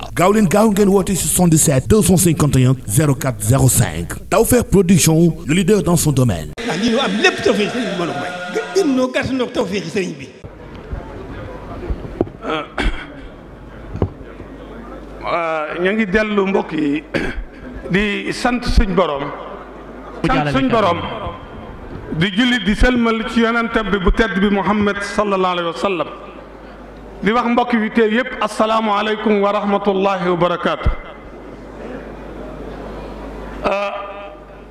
waaw gaaw leen gaaw ngeen woote 77 251 04 05 Tawfekh Production le leader dans son domaine. ah lii ñu am lépp tawfeex sëriñ bi mën ah, ah, ñu ngi dellu mbokk yi di sant suñ borom. sant suñ borom. di julli di sëlmal ci yonentam bi bu tedd bi Muhammad sallallahu alayhi wa sallam. di wax mbokk yi tey yëpp asalaamualeykum wa rahmatullahi wa barakaatu. Euh,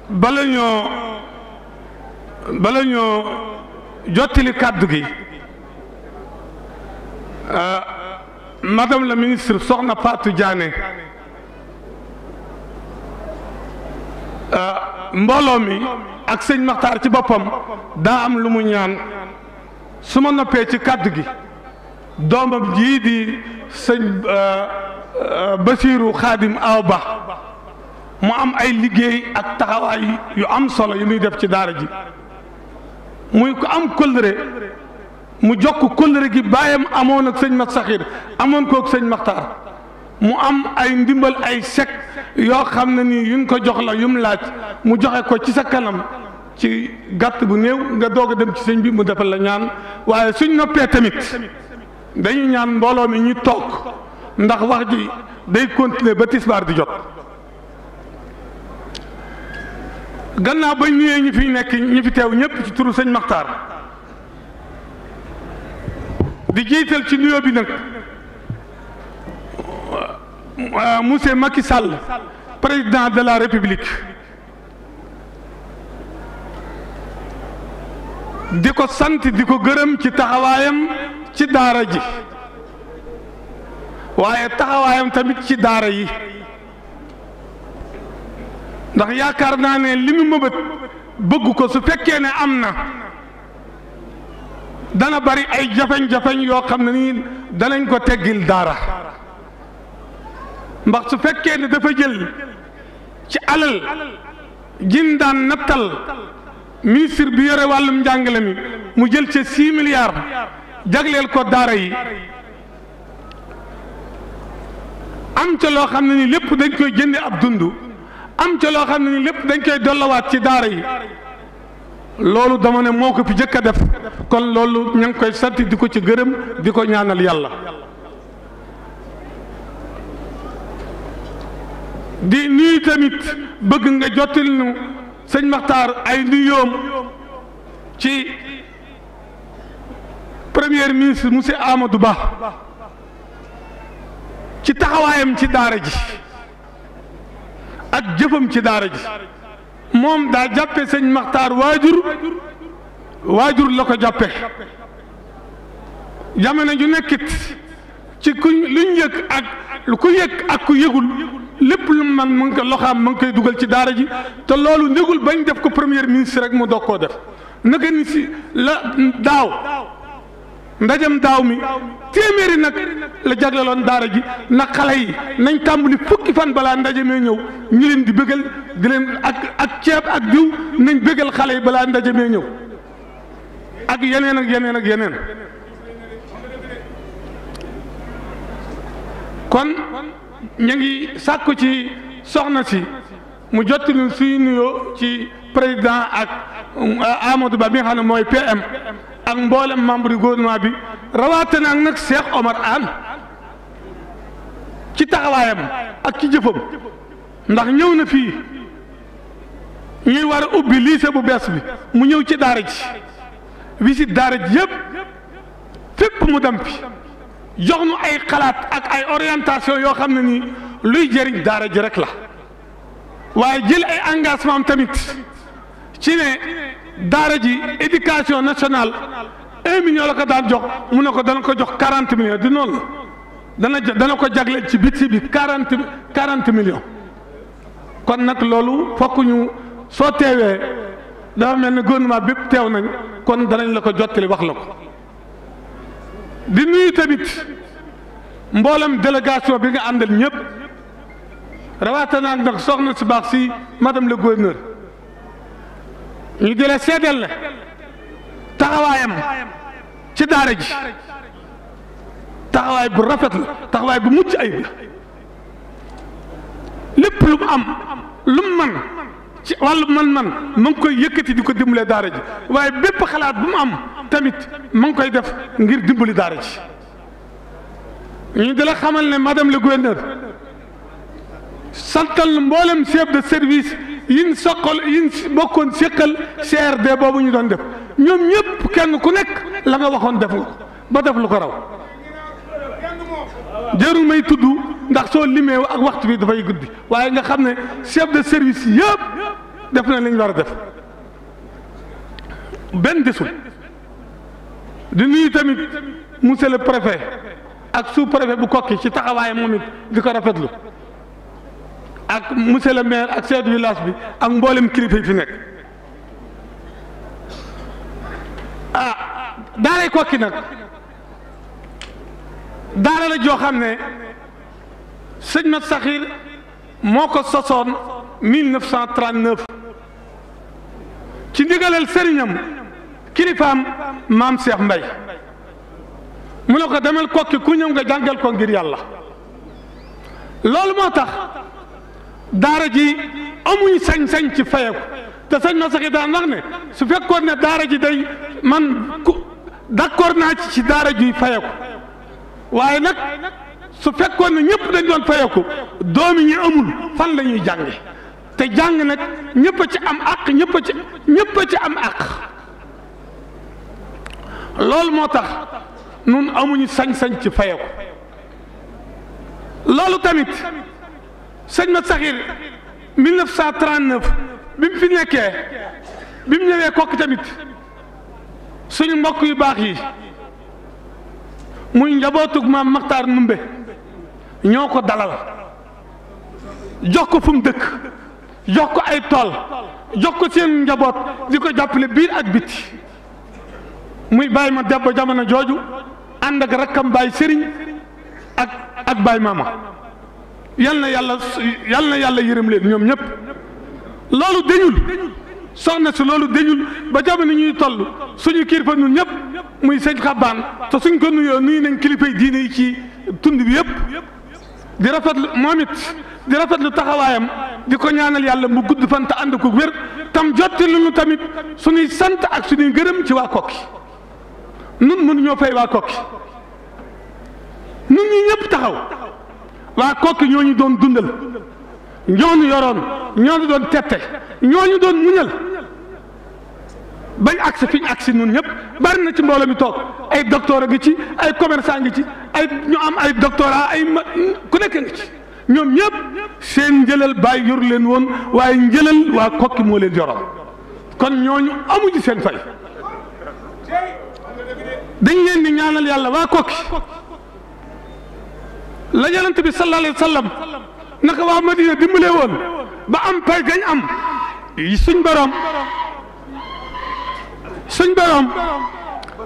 bala ñoo bala ñoo jottili kàddu gi euh, madame la ministre soxna Fatou Diané euh, mbooloo mi ak sëñ Maxtaar ci boppam daa am lu mu ñaan suma ma noppee ci kàddu gi. doomam jii di sëñ euh, euh, Basiiru Xaadim Awa Ba mu am ay liggéey ak taxawaay yu am solo yu muy def ci daara ji muy ko am kóllëre mu jokk kóllëre gi baayam amoon ak sëñ Mat Saxiir amoon kook sëñ Maxtaar mu am ay ndimbal ay sek yoo xam ne nii yuñ ko jox la yum laaj mu joxe ko ci sa kanam ci gàtt bu néew nga doog a dem ci sëñ bi mu defal la ñaan waaye suñ noppee tamit dañu ñaan mbooloo mi ñu toog ndax wax ji day continuer ba tisbaar di jot gannaaw ba nuyee ñi fi nekk ñu fi teew ñëpp ci turu sëñ Maxtaar di jiital ci nuyoo bi nag euh, monsieur Macky Sall président de la république di ko sant di ko gërëm ci taxawaayam ci daara ji waaye taxawaayam tamit ci daara yi ndax yaakaar naa ne li mu mëbët bëgg ko su fekkee ne am na dana bari ay jafeñ-jafeñ yoo xam ne nii danañ ko teggil daara ndax su fekkee ne dafa jël ci alal jin daan nattal ministre bi yore wàllum njàngale mi mu jël ci six milliards jagleel ko daara yi am ca loo xam ne ni lépp dañ koy jënde ab dund am ca xam ne ni lépp dañ koy dollawaat ci daara yi loolu dama ne moo ko fi jëkk a def kon loolu ña ngi koy sant di ko ci gërëm di ko ñaanal yàlla di nuyu tamit bëgg nga jottali nu Maxtaar ay nuyoom ci premier ministre monsieur Amadou Ba ci taxawaayam ci daara ji ak jëfam ci daara ji moom daa jàppe sëñ Maxtaar waajur waajur la ko jàppe jamono ju nekkit ci ku luñ yëg ak ku yëg ak ku yëgul lépp lu man mu ngi ko loxaam mu ngi koy dugal ci daara ji te loolu ndégul bañ def ko premier ministre rek mu doog koo def naka ni si la daaw ndajem daaw mi téeméeri nag la jagleloon daara ji nag xale yi nañ tàmbali fukki fan balaa ndaje mee ñëw ñu leen di bëggal di leen ak ak ceeb ak diw nañ bëggal xale yi balaa ndaje mee ñëw ak yeneen ak yeneen ak yeneen kon ñu ngi sàkku ci soxna si mu jot suñu nuyoo ci président ak Amadou Ba bi nga ne mooy PM ak mboolem membre yu gouvernement bi rawatina ak nag Cheikh Omar Anne ci taxawaayam ak ci jëfam ndax ñëw na fii ñuy war ubbi lycée bu bees bi mu ñëw ci daara ji visite daara ji yëpp fépp mu dem fi jox nu ay xalaat ak ay orientation yoo xam ne nii luy jëriñ daara ji rek la waaye jël ay engagement tamit ci ne daara ji éducation nationale un million la ko daan jox mu ne ko dana ko jox quarante millions di noonu la dana dana ko jagle ci biti bi quarante quarante millions kon nag loolu fokk ñu soo teewee dafa mel ni gouvernement bépp teew nañ kon danañ la ko jottali wax la ko di nuyu tamit mboolam délégation bi nga àndal ñëpp rawatina nag soxna si baax si madame le gouverneur ñu di la seedeel na taxawaayam ci daara ji taxawaay bu rafet la taxawaay bu mucc ayib la lépp lu mu am lu man ci wàllu man-man ma ngi koy yëkkati di ko dimbalee daara ji waaye bépp xalaat bu mu am tamit ma ngi koy def ngir dimbali daara ji ñu di la xamal ne madame le gouverneur santal mboolem chef de service yin soqal yin bokkoon séqal CRD boobu ñu doon def ñoom ñëpp kenn ku nekk la nga waxoon def nga ba def lu ko raw jarul may tudd ndax soo limee ak waxtu bi dafay guddi waaye nga xam ne chef de service yëpp def na li ñu a def benn desul di nuyu tamit monsieur le préfet ak suuf préfet bu kokki ci taxawaay moom it di ko rafetlu ak monsieur le maire ak chef de village bi ak mboolem kilifa yi fi nekk ah daaray kokki nag daara joo xam ne sëñ ma saxir moo ko sosoon 1939 ci ndigalal sëriñam kilifaam maam Cheikh Mbay mu ne ko demal kokki ku ñëw nga jàngal ko ngir yàlla loolu moo tax daara ji amuñ sañ-sañ ci fayeku te sëñ ma saxi daan wax ne su fekkoon ne daara ji day man ku d'accord naa ci ci daara ji fayeku waaye nag su fekkoon ne ñëpp dañ doon fayeku doomi ñi amul fan la ñuy jànge te jàng nag ñëpp a ci am àq ñëpp a ci ñëpp ci am àq loolu moo tax nun amuñu sañ-sañ ci fayeku loolu tamit sëñ Mat Saxir 1939 bi mu fi nekkee bi mu ñëwee kokki tamit suñu mbokk yu baax yi muy njabootug maam Maxtaar Numbe ñoo ko dalal jox ko fu dëkk jox ko ay tool jox ko seen njaboot di ko jàppale biir ak biti muy bàyyi ma debba jamono jooju ànd ak rakkam bàyyi sëriñ ak ak maama yal na yàlla yal na yàlla yërëm leen ñoom ñëpp loolu dañul soxna si loolu dañul ba jamono ñuy toll suñu kilifa ñun ñëpp muy sëñ xabaan te suñ ko nuyoo nuyu nañ kilifay diine yi ci tund bi yëpp di rafet moom it di rafetlu taxawaayam di ko ñaanal yàlla mu gudd fan te ànd ko wér tam jotti lu ñu tamit suñuy sant ak suñuy gërëm ci waa kokki nun mënuñoo fay waa kokki nun ñi ñëpp taxaw waa kokki ñoo ñu doon dundal ñoo ñu yoroon ñoo ñu doon tette ñoo ñu doon muñal bañ agsi fi ñu nun ñëpp bari na ci mbooloo mi toog ay docteur a ci ay commerçant ngi ci ay ñu am ay doktora ay ku nekk ngi ci ñoom ñëpp seen njëlal bàyyi yor leen woon waaye njëlal waa kokki moo leen yoroon kon ñooñu amuñu seen fay dañ leen di ñaanal yàlla waa kokki la yonent bi sallallahu alayhi wa sallam naka waa Madina dimbale woon ba am pay gañ am suñ borom suñ borom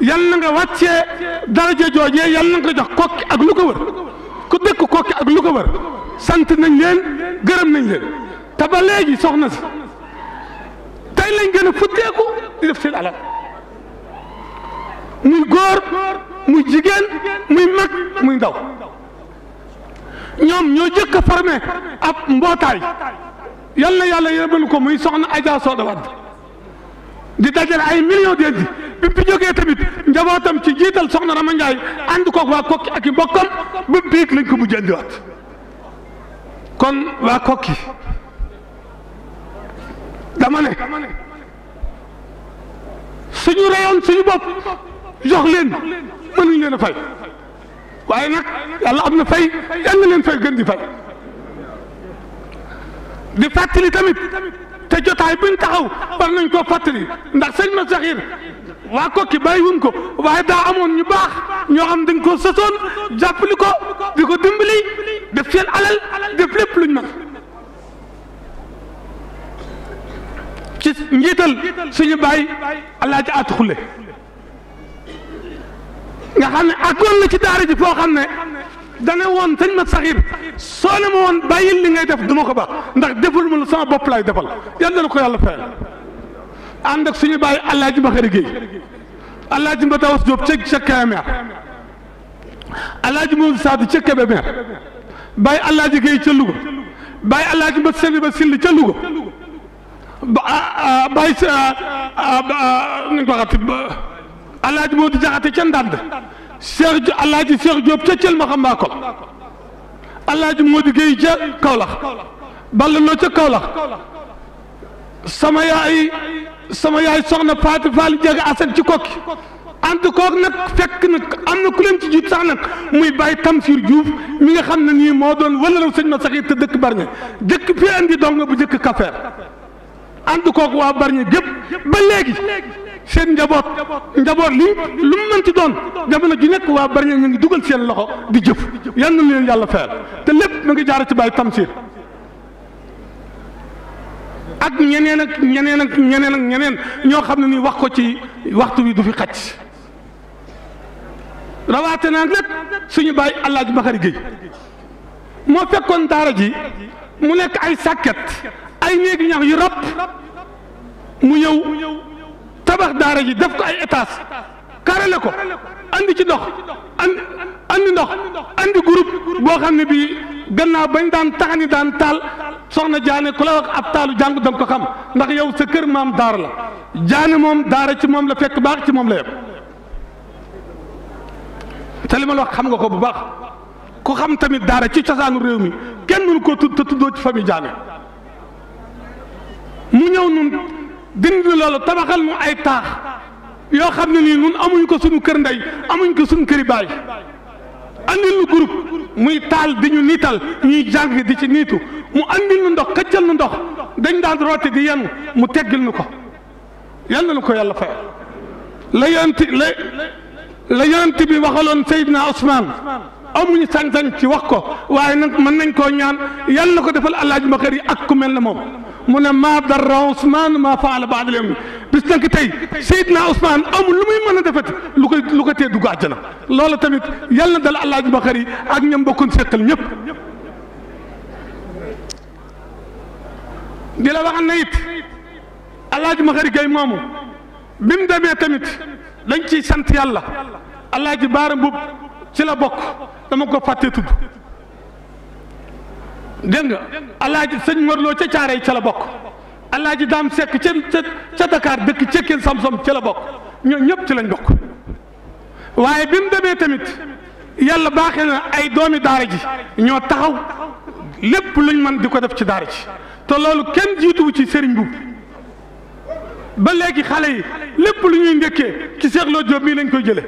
yal na nga wàccee daraja joojee yal na nga ko jox kokki ak lu ko wër ku dëkk kokki ak lu wër sant nañ leen gërëm nañ leen te ba soxna si tey lañ gën a futteeku di def seen alal muy góor muy jigéen muy mag muy ndaw. ñoom ñoo jëkk a formé ab mbootaay yal na yàlla yërëmal ko muy soxna Adja Soda Wade di dajale ay millions denc bi mu fi jógee tamit njabootam ci jiital soxna Rama Ndiaye ànd koog waa kokki ak mbokkam ba biig lañ ko mujj andiwaat kon waa kokki dama ne suñu rayoon suñu bopp jox leen mënuñ leen a fay. waaye nag yàlla am na fay yal na leen fay gën di fay di fàttali tamit te jotaay buñ taxaw war nañ koo fàttali ndax sëñ ma saxiir waa kokki bàyyi wuñ ko waaye daa amoon ñu baax ñoo xam dañ koo sosoon jàppali ko di ko dimbali def seen alal def lépp luñ mën ci njiital suñu bàyyi allah ci at xulle nga xam ne àggoon na ci daara ji foo xam ne dane woon sëñ mat saxir soo ne ma woon bàyyil li ngay def du ko ba ndax deful ma lu sama bopp laay defal yàlla na ko yàlla fayal ànd ak suñu bàyyi Alaaji Maxari Géey Alaaji Mbatawas Jóob ca ca Kébémer Alaaji Moodu Saadu ca Kébémer bàyyi Alaaji Géey ca Louga bàyyi Alaaji Mbat Sëli ba Silli ca Louga ba ah, ah, bàyyi ah, nuñ ko waxati alaaji Moodu Jaxate ca Ndànd Cheikh alaaji Cheikh Diop ca Thiel ma xam maa ko alaaji Moodu Géey ca Kaolack ballaloo ca Kaolack sama yaay sama yaay soxna Fatou Fall Dieng Assane ci kokki ànd kook nag fekk nag am na ku leen ci jiit sax nag muy bàyyi Tamsir Diouf mi nga xam na nii moo doon wala sëñ ma sax te dëkk Bargny jëkk fi andi dong bu jëkk Kafeer ànd kook waa Bargny gépp ba léegi. seen njaboot njaboot li lu mu mën ci doon jamono ju nekk waa bari ñu ngi dugal seen loxo di jëf yan na leen yàlla fayal te lépp mu ngi jaar ci bàyyi tamsiir ak ñeneen ak ñeneen ak ñeneen ak ñeneen ñoo xam ne ni wax ko ci waxtu wi du fi xaj rawaate naa nag suñu bàyyi Alaaji Bakari Géy moo fekkoon daara ji mu nekk ay sàkket ay néegi ñax yu rab mu ñëw tabax daara ji def ko ay étage karale ko andi ci ndox andi andi ndox andi groupe boo xam ne bii gannaaw bañ daan taxani daan taal soxna jaane ku la wax ab taalu jàngu dam ko xam ndax yow sa kër maam daara la jaane moom daara ci moom la fekk baax ci moom la yem te li ma wax xam nga ko bu baax ku xam tamit daara ci cosaanu réew mi kenn mënu koo tudd te tuddoo jaane mu ñëw nun dindi loolu tabaxal nu ay taax yoo xam ne nii nun amuñ ko suñu kër ndey amuñ ko suñu këri baay andil nu groupe muy taal di ñu niital ñuy jàng di ci niitu mu andil nu ndox këccal nu ndox dañ daan roote di yenu mu teggil nu ko yal na ko yàlla fayal la yonent la la yonent bi waxaloon Seydina Ousmane amuñu sañ-sañ ci wax ko waaye nag mën nañ koo ñaan yal na ko defal alaaji Bakari ak ku mel moom mu ne maa darra Ousmane maa faala baadal yawm bis nag tey Seydina Ousmane amul lu muy mën a defati lu koy lu ko tee dugg àjjana loola tamit yal na dal Alaaji Bakari ak ñam bokkoon seqal ñëpp. di la waxal na it Alaaji Bakari Gaye moomu bi tamit dañ ciy sant yàlla Alaaji Baara Mbuub ci la bokk dama ko fàttee tudd. dégg nga alaaji sëñ Morlo ca Caaray ca la bokk ji daam sekk ca ca ca Dakar dëkk cekkeen sam-sam ca la bokk ñoo ñëpp ci lañ bokk waaye bi mu demee tamit yàlla baaxe na ay doomi daara ji ñoo taxaw lépp luñ mën di ko def ci daara ji te loolu kenn jiituwu ci sëriñ bu ba léegi xale yi lépp lu ñuy njëkkee ci Cheikh Lo Diop lañ koy jële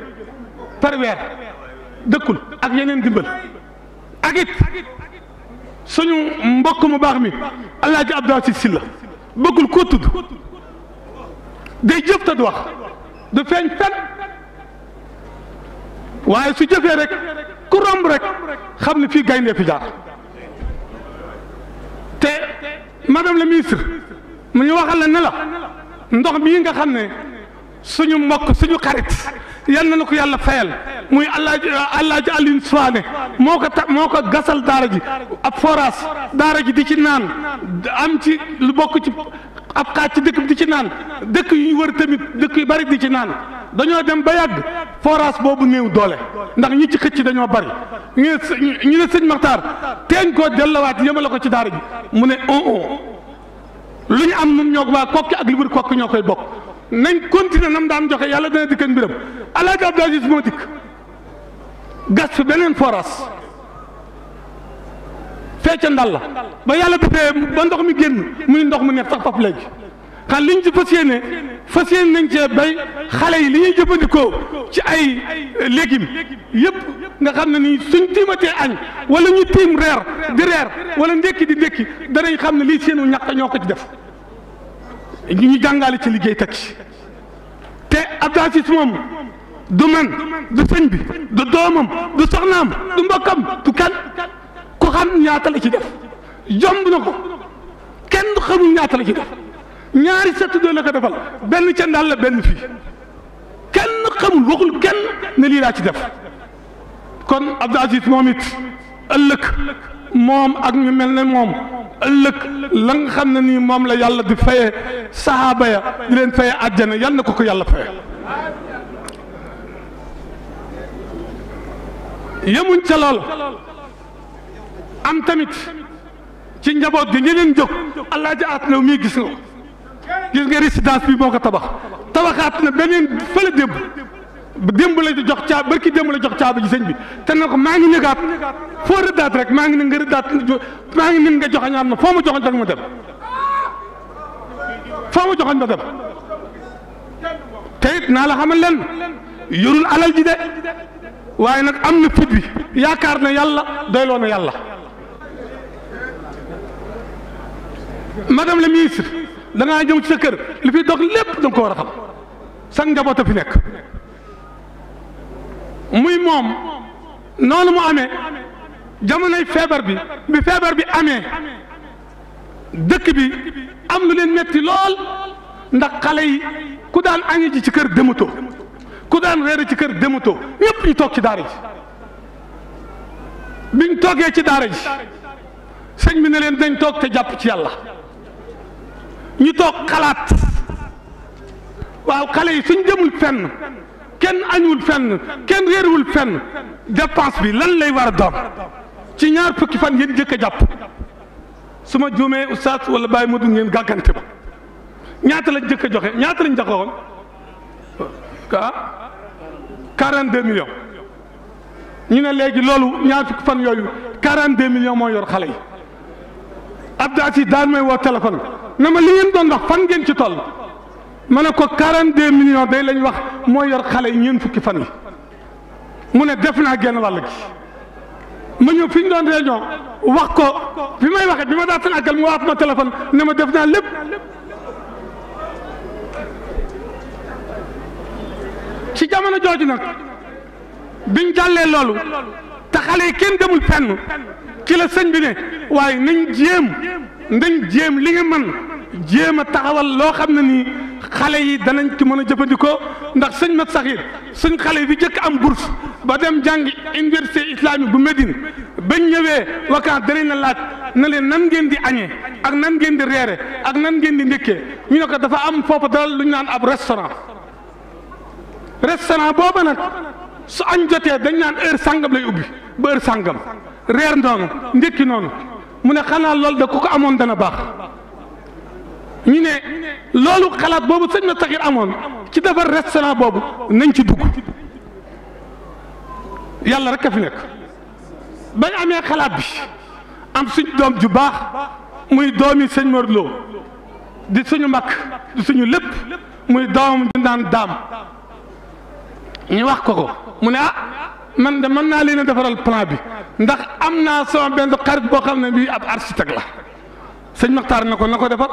par weer dëkkul ak yeneen dimbal ak suñu mbokk mu baax mi El Hadj Abdou Aziz Sy la bëggul koo tudd day du wax du feeñ fen waaye su jëfee rek ku romb rek xam ne fii gaynde fi jaar te madame la ministre mu ñu waxal la ne ndox mi nga xam ne. suñu mbokk suñu xarit yal na ko yàlla fayal muy alaaji alaaji Alioune Souané moo ko ta moo ko gasal daara ji ab forage daara ji di ci naan am ci lu bokk ci ab xaaj ci dëkk di ci naan dëkk yi wër tamit dëkk yi bari di ci naan dañoo dem ba yàgg forage boobu néew doole ndax ñi ci xëcc dañoo bari ñu ne ñu ne sëñ Maxtaar teeñ koo dellowaat yëmale ko ci daara ji mu ne on oh, on oh, lu am nun ñoo waa kokki ak li wër kokki ñoo koy bokk nañ continuer nam daan joxe yàlla dana dikk ak mbiram alaaji Abdou Aziz moo dikk gas fi beneen foras fecca ndal la ba yàlla defee ba ndox mi génn muy ndox mu neex sax faf léegi xam liñ ci fas yéene fas yéene nañ cee bay xale yi li ñuy jëfandikoo ci ay légumes yëpp nga xam ne ni suñ tiimatee añ wala ñu tiim reer di reer wala ndékki di ndékki danañ xam ne lii seenu ñàkk ñoo ko ci def ñu jàngale ci liggéey teg ci te Abdou Aziz moom du man du sëñ bi du doomam du soxnaam du mbokkam du kan ku xam ñaata la ci def jomb na ko kenn du xamul ñaata la ci def ñaari sett doo la ko defal benn ca ndàll la benn fii kenn xamul waxul kenn ne lii laa ci def kon Abdou Aziz moom it ëllëg moom ak ñu mel na moom ëllëg la nga xam na nii moom la yàlla di fayee saxaaba ya di leen fayee àjjana yal na ko ko yàlla fayee yemuñ ca am tamit ci njaboot gi ñi leen jóg allah ji at na mii gis nga gis nga résidence bi moo ko tabax tabaxaat na beneen fële démb démb la jox caabi barki démb la jox caabi ji sëñ bi te na ko maa ngi ñëgaat foo rëddaat rek maa ngi ne nga rëddaat maa ngi nin nga joxañ am na foo ma joxañ rek ma dem foo ma joxañ ma dem te it naa la xamal leen yorul alal ji de waaye nag am na fit yaakaar na yàlla doyloo na yàlla madame la ministre da ngaa ñëw ci sa kër li fi dox lépp da nga ko war a xam njaboot a fi nekk muy moom noonu mu amee jamonoy feebar bi bi feebar bi amee dëkk bi am lu leen metti lool ndax kale yi ku daan añi ji ci kër dematoo ku daan reere ci kër dematoo ñëpp ñu toog ci daara ji biñ toogee ci daara ji sëñ bi ne leen dañ toog te jàpp ci yàlla ñu toog kalaat waaw kale yi suñ demul fenn kenn añul fenn kenn réerwul fenn dépense bi lan lay war a ci ñaar fukki fan yéen njëkk jàpp su ma juumee oustaz wala baay ma du ngeen gàggante ba ñaata lañ njëkk a joxe ñaata lañ joxoon ah 42 millions ñu ne léegi loolu ñaar fukki fan yooyu 42 millions moo yor xale yi Abdou Aziz daan may woo téléphone na ma li ngeen doon wax fan ngeen ci toll. ma ne ko 42 millions day lañ wax moo yor xale yi ñeent fukki fan yi mu ne def naa genn wàll gi ma ñëw fi ñu doon réunion wax ko bi may waxee bi ma daa tan àggal mu waat ma téléphone ne ma def naa lépp ci jamono jooju nag biñ jàllee loolu te xale yi kenn demul fenn ci la sëñ bi ne waaye nañ jéem nañ jéem li nga mën jéem taxawal loo xam ne nii xale yi danañ ci mën a jëfandikoo ndax sëñ mat saxir suñ xale bi jëkk am bourse ba dem jàng université islamique bu Médine bañ ñëwee vacances da na laaj na leen nan ngeen di añee ak nan ngeen di reere ak nan ngeen di ndékkee ñu ne ko dafa am foofa dalal lu ñu naan ab restaurant restaurant booba nag su añ jotee dañ naan heure sàngam lay ubbi ba heure sàngam reer noonu ndékki noonu mu ne xanaa loolu da ku ko amoon dana baax ñu ne loolu xalaat boobu sëñ na taxir amoon ci defar restaurant boobu nañ ci dugg yàlla rek a fi nekk bañ amee xalaat bi am suñ doom ju baax muy doomi sëñ Mor loo di suñu mag di suñu lépp muy doom di naan daam ñu wax ko ko mu ne a ah, man de mën naa leen a defaral plan bi ndax am naa sama benn xarit boo xam ne bii ab architecte la sëñ Maxtaar na ko na ko defar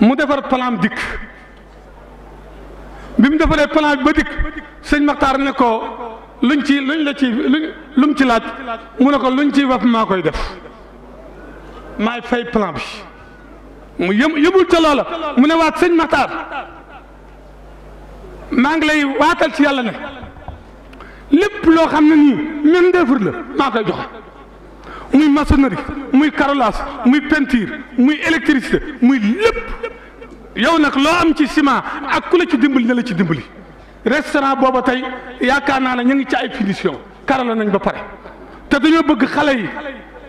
mu defar plan dikk bi mu defaree plan bi ba dikk sëñ Maxtaar ne ko luñ ci luñ la ci luñ ci laaj mu ne ko luñ ci waf maa koy def maa fay plan bi mu yëm yëmul ca loola mu ne waat sëñ Maxtaar maa ngi lay waatal ci yàlla ne lépp loo xam ne nii même ndéefur la maa koy joxe muy maçonnerie muy carrelage muy peinture muy électricité muy lépp yow nag loo am ci ciment ak kule ci dimbali na la ci dimbali restaurant booba tey yaakaar naa ne ñu ngi ci ay finition karala nañ ba pare te dañoo bëgg xale yi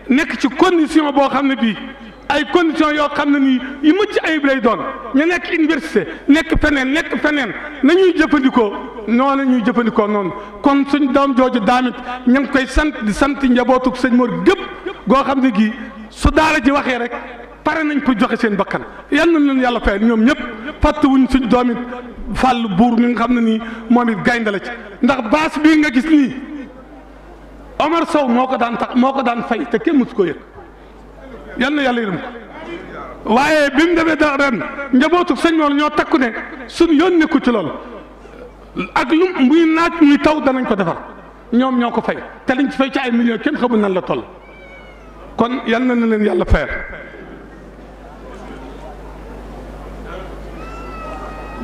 nekk ci condition boo xam ne bii ay conditions yoo xam ne nii yu mucc ayib lay doon ñu nekk université nekk feneen nekk feneen nañuy jëfandikoo noonu ñuy jëfandikoo noonu kon suñ doom jooju daamit ñu ngi koy sant di sant njabootu sëñ Mor gépp goo xam ne gi su daara ji waxee rek pare nañ ko joxe seen bakkan yal na leen yàlla fayal ñoom ñëpp wuñ suñ doom it fàll buur mi nga xam ne nii moom it gaynde la ci ndax baas bii nga gis nii Omar Sow moo ko daan tax moo ko daan fay te kenn mësu ko yëg yal na yàlla yërëm ko waaye bi mu demee da ren njabootu sëñ Mor ñoo takku ne suñ yoon nekku ci lool ak lu muy naaj muy taw danañ ko defar ñoom ñoo ko fay te liñ ci fay ci ay millions kenn xamul nan la tol kon yal na leen yàlla fayal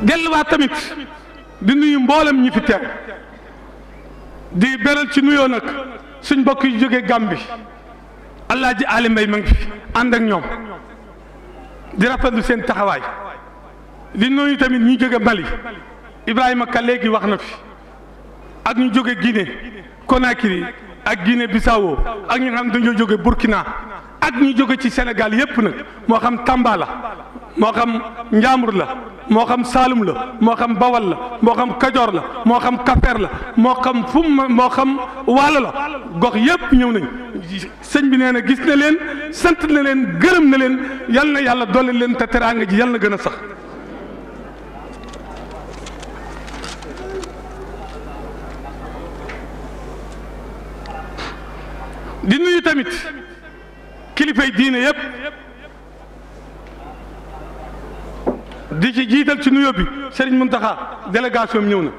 delluwaat tamit di nuyu mboolem ñi fi teew di beral ci nuyoo nag suñ mbokk yu jógee Gàmbi Alaaji Ali Mbay ma ngi ak ñoom di rafetlu seen taxawaay di nuyu tamit ñu jóge Mali Ibrahima Ka léegi wax na fi ak ñu jóge Guinée Conakry ak Guinée Bissau ak ñi nga xam dañoo jóge Burkina ak ñu jóge ci senegal yépp nag moo xam Tamba la moo xam njaambur la moo xam saalum moo xam bawal la moo xam kajoor la moo xam kafeer la moo xam fum moo xam waalo la gox yépp ñëw nañ sëñ bi nee na gis na leen sant na leen gërëm na leen yal na yàlla dolli leen te teraanga ji yal na gën a sax di nuyu tamit kilifay diine yépp di ci jiital ci nuyoo bi seriñ Mountakha délégation bi ñëw na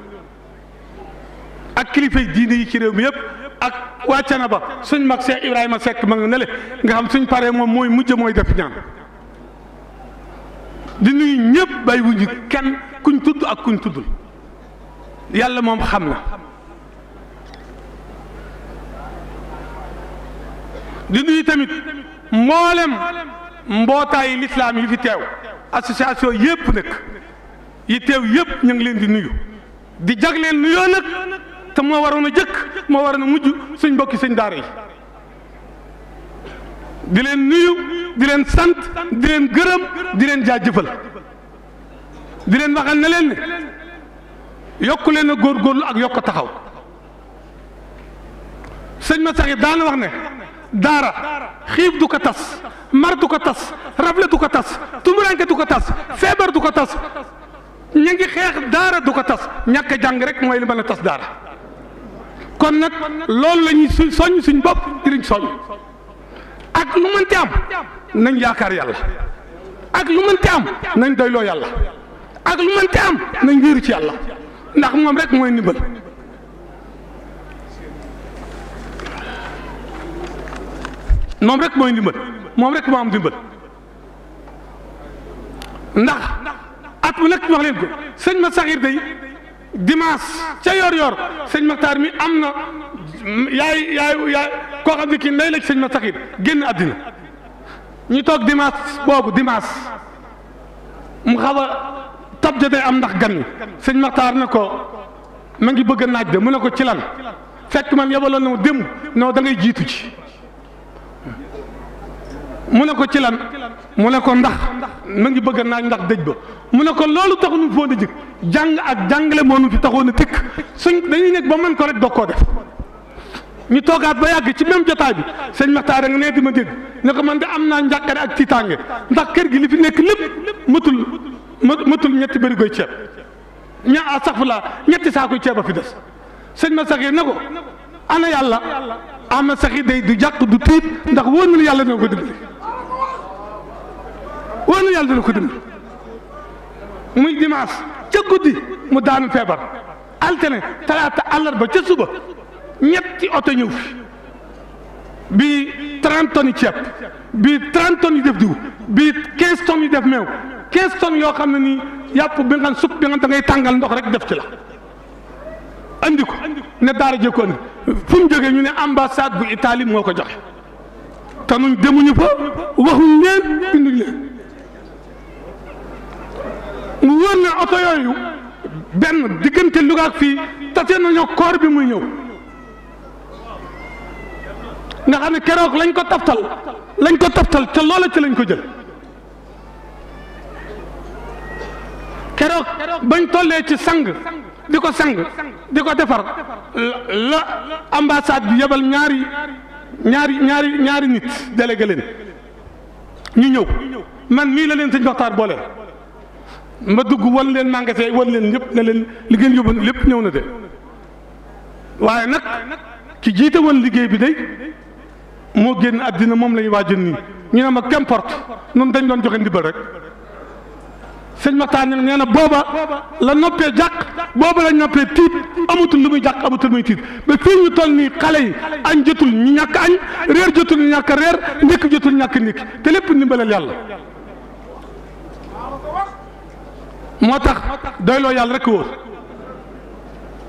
ak kilifa diine yi ci réew mi yëpp ak waa Canaba suñ mag Cheikh Ibrahima Seck ma nga nele nga xam suñ paree moom mooy mujj mooy def ñaan di nuyu ñëpp bàyyi wuñu kenn kuñ tudd ak kuñ tuddul yàlla moom xam na di nuyu tamit mboolem mbootaayi lislaam yi fi teew. association yëpp nag yi teew yëpp ñu ngi leen di nuyu di jagleen nuyoo nag te moo waroon a jëkk moo waroon na mujj suñ mbokki sëñ daara yi di leen nuyu di leen sant di leen gërëm di leen jaajëfal di leen waxal ne leen ne yokku leen a góorgóorlu ak yokk taxaw sëñ ma sax yi wax ne daara xiif du ko tas mar du ko tas rafle du ko tas tumuranke du ko tas feebar du ko tas ñu ngi xeex daara du ko tas ñàkk jàng rek mooy li mën a tas daara kon nag loolu la ñuy suñ soññ suñ bopp diriñ soññ ak lu mënti am nañ yaakaar yàlla ak lu mënti am nañ doyloo yàlla ak lu am nañ wéeru ci yàlla ndax moom rek mooy ndimbal moom rek mooy ndimbal moom rek moo am ndimbal ndax at mu nekk wax leen ko sëñ ma saxir day dimanche ca yor-yor sëñ am na yaay yaay yaay koo xam ma saxir génn àddina ñu toog dimanche boobu dimanche mu xaw a day am ndax gan sëñ Maxtaar ne ko ma ngi bëgg naaj de mu ne ko ci lan fekk man yabaloon na mu démb non da ngay jiitu ci. mu ne ko ci lan mu ne ko ndax ma ngi bëgg naaj ndax dëj ba mu ne ko loolu taxu nu foo di jëkk jàng ak jàngale moo nu fi taxoon a tëkk suñ dañuy nekk ba mën ko rek doog koo def ñu toogaat ba yàgg ci même jotaay bi sëñ Maxtaar a nga nee di ma dégg ne ko man de am naa njàqare ak tiitaange ndax kër gi li fi nekk lépp matul matul ñetti bëri koy ceeb ña a ah, sax la ñetti saakuy ceeb a fi des sëñ ma sax yi ne ko ana yàlla ama sax yi day du jàq du tiit ndax wóor yàlla dina ko dimbali wala yàlla dana ko muy dimanche ca mu daanu feebar altine talaata ba ca suba ñetti oto ñëw fi bii trente tonnes ceeb bii trente tonnes yu def diw bii quinze tonnes yu def meew quinze tonnes yoo xam ne nii yàpp bi nga bi nga da ngay tàngal ndox rek def ci la andi ko ne daara jëkko andi fu mu jógee ñu ne ambassade bu Italie moo ko joxe te nuñ demuñu fa waxuñ leen binduñ leen mu wóor ne oto yooyu benn diggante Louga ak fii tase nañoo koor bi muy ñëw nga xam ne keroog lañ ko taftal lañ ko taftal te loola ci lañ ko jël keroog bañ tollee ci sang di ko sang di ko defar la ambassade bi yebal ñaari ñaari ñaari ñaari nit délégué leen ñu ñëw man nii la leen sëñ Maxtaar boole ma dugg wan leen magasin wan leen ñëpp ne leen li ngeen yóbbu lépp ñëw na de waaye nag ki jiite woon liggéey bi day moo génn àddina moom la ñu waajoon nii ñu ne ma qu'importe noonu dañ doon joxe ndimbal rek sëñ Maxtaar ñag nee na booba la noppee jàq booba la noppee tiit amatul lu muy jàq amatul muy tiit ba fii ñu toll nii xale añ jotul ñu ñàkk añ réer jotul ñu ñàkk réer ndékk jotul ñàkk ndékk te lépp ndimbalal yàlla moo tax doyloo yàlla rek wóor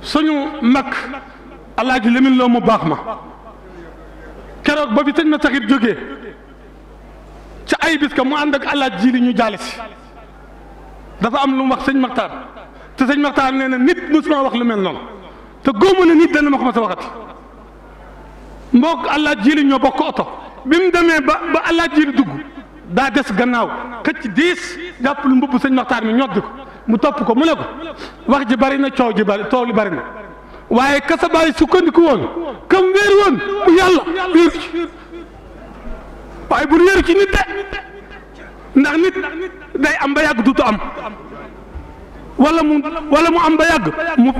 suñu mag alaaji Lamine Lo mu baax ma keroog ba fi sëñ ma saxit jóge ca ay bis mu ànd ak alaaj ji li ñu jaale si dafa am lu mu wax sëñ Maxtaar te sëñ Maxtaar nee na nit mosuma wax lu mel noonu te góomu ne nit dana ma ko ma sa waxati mbokk alaaj ji li ñoo bokk oto bi mu demee ba ba alaaj dugg daa des gannaaw xëcc diis jàpp lu mbubb sëñ Maxtaar mi ñodd ko mu topp ko mu ne ko wax ji bari na coow ji bari coow li bari na waaye kasa bàyyi sukkandiku woon kam wéer woon mu yàlla wéeru ci waaye bu wéeru ki nit de ndax nit day am ba yàgg duutu am wala mu wala mu am ba yàgg mu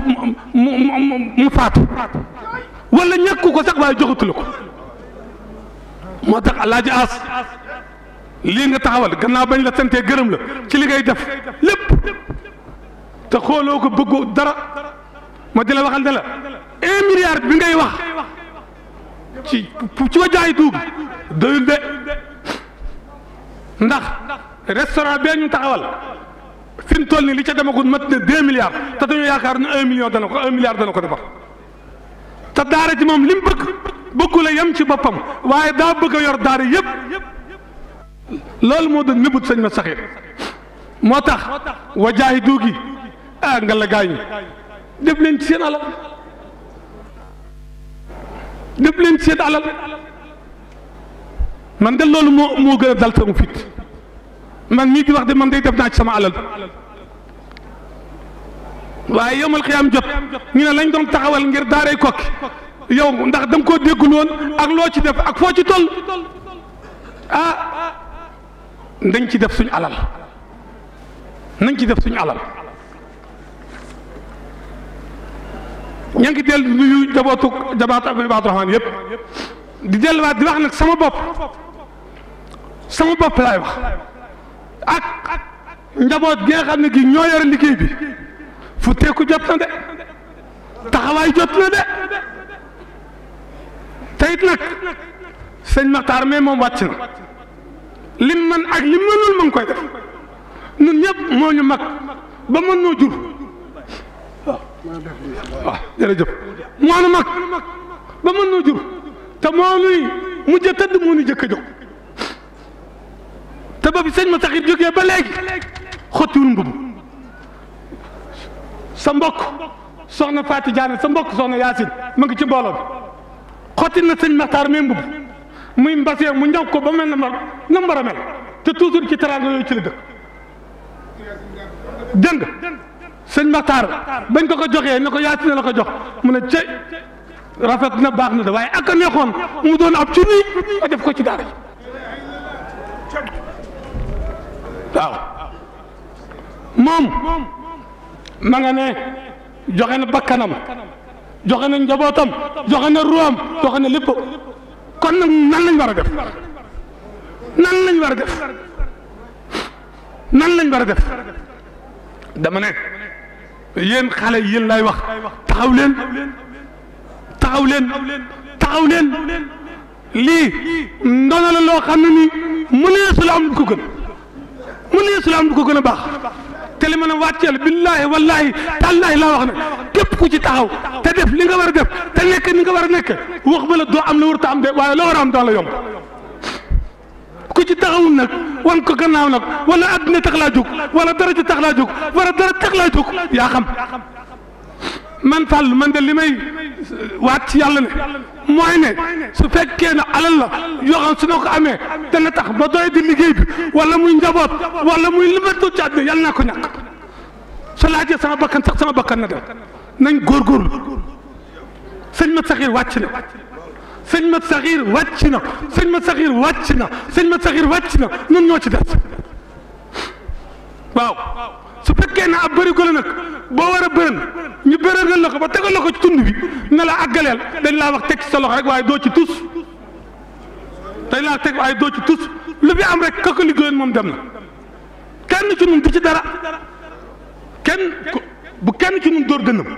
mu mu faatu wala ñàkku ko sax waaye joxatu la ko moo tax alaaji aas lii nga taxawal gannaaw bañ la santee gërëm la ci li ngay def lépp te xooloo ko bëggoo dara ma di waxal ne la milliard bi ngay wax ci ci wa jaay duug doyul de ndax restaurant bee ñu taxawal fi mu toll nii li ca demagul mat na deux milliards te dañu yaakaar ne un million dana ko un milliard dana ko defar te daara ji moom li mu bëgg bëggu yem ci boppam waaye daa bëgg a yor daara yëpp loolu moo doon mébut sëñ ma saxir moo tax wa jaayi duugi ah nga la gaañu def leen ci seen alal def leen ci seen alal man de loolu moo moo gën a dal sama fit man mii di wax de man day def naa ci sama alal waaye yomal xiyaam jot ñu ne lañ doon taxawal ngir daaray kokki yow ndax da nga koo déggul woon ak loo ci def ak foo ci toll ah dañ ci def suñ alal nañ ci def suñ alal ña ngi dellu nuyu jabootu jabaatu Abdou Rahman yëpp di delluwaat di wax nag sama bopp sama bopp laay ak njaboot gi nga xam ñoo yore liggéey bi fu teeku jot na de taxawaay jot na de te it nag sëñ Maxtaar mais moom wàcc lim man ak lim mënul mu koy def ñun ñëpp moo ñu mag ba mën noo jur waaw waaw jërëjëf moo nu mag ba mën te moo nuy mujj a nu jëkk a jóg te ba fi sëñ ma taxit jógee ba léegi xottiwul mbubb sa mbokk soxna Fatou Diané sa mbokk soxna Yacine ma ngi ci mbooloo xotti na sëñ Maxtaar même mbubb muy mbasee mu ñaw ko ba mel na ma a mel te toujours ci teraanga yooyu ci la dëkk dégg sëñ bañ ko ko joxee ne ko yaati na ko jox mu ne cey rafet na baax na da waaye ak a neexoon mu doon ab ci nii a def ko ci daara moom ma nga ne joxe na bakkanam joxe na njabootam joxe na ruwaam joxe na lépp kon nag nan lañ war a def nan lañ war a def nan lañ bara def dama ne yéen xale yéen lay wax taxaw leen taxaw leen taxaw leen lii ndono la loo xam ne nii mu nee su la am ko gën mu nee su la am du ko gën a baax te li ma ne wàcceel billaahi wallaahi tallaahi laa wax ne képp ku ci taxaw te def li nga war a def te nekk ni nga war a nekk wax ma la doo am la warut a am de waaye la war a am daa la ku ci taxawul nag wan ko gannaaw nag wala adduna tax laa jóg wala dara ci tax laa jóg wala dara tax laa ya yaa xam. man fàll man de li may euh, waat ci yàlla ne mooy su fekkee ne alal la yoo xam su ma ko amee dana tax ba doy di liggéey wala muy njaboot wala muy li ma tudd ci àdduna yàlla naa ko ñàkk soo laajee sama bakkan sax sama bakkan na dem nañ góorgóorlu sëñ ma saxiir wàcc na sëñ ma saxiir wàcc na sëñ ma saxiir wàcc na sëñ ma saxiir wàcc na ñun ñoo ci des waaw su fekkee ne ab bërigo la boo war a bërën ñu bërënal la ko ba tegal ko ci tund bi ne la àggaleel dañ laa wax teg ci sa loxo rek waaye doo ci tus dañ laa teg waaye doo ci tus lu fi am rek kooku liggéeyoon moom dem na kenn ci ñun du ci dara kenn bu kenn ci ñun dóor dënnam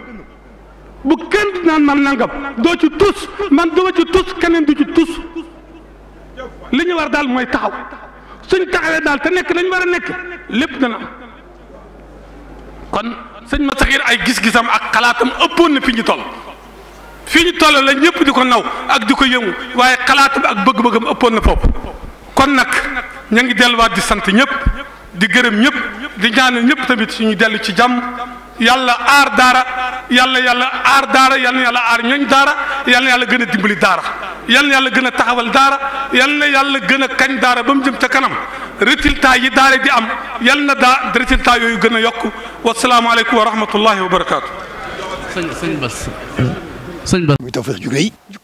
bu kenn naan man nangam doo ci tus man duma ci tus keneen du ci tus li ñu war daal mooy taxaw suñ taxawee daal te nekk dañ war a nekk lépp dana kon sëñ ma saxiir ay gis-gisam ak xalaatam ëppoon na fi ñu toll fii ñu toll la ñëpp di ko naw ak di ko yëngu waaye xalaatam ak bëgg-bëggam ëppoon na foofu kon nag ñu ngi delluwaat di sant ñëpp di gërëm ñëpp di ñaanal ñëpp tamit suñu dellu ci jàmm yàlla aar daara yàlla yàlla aar daara yal na yàlla aar ñoñ daara yal na yàlla gën a dimbali daara yal na yàlla gën a taxawal daara yal na yàlla gën a kañ daara ba mu jëm ca kanam résultat yi daara di am yal na daa résultat yooyu gën a yokk wasalaamaaleykum wa rahmatullahi wa barakaatu. sëñ sëñ Bas. sëñ Bas. muy tawfeex ju rëy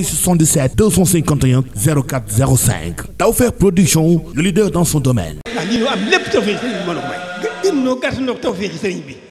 woote 77 251 04 05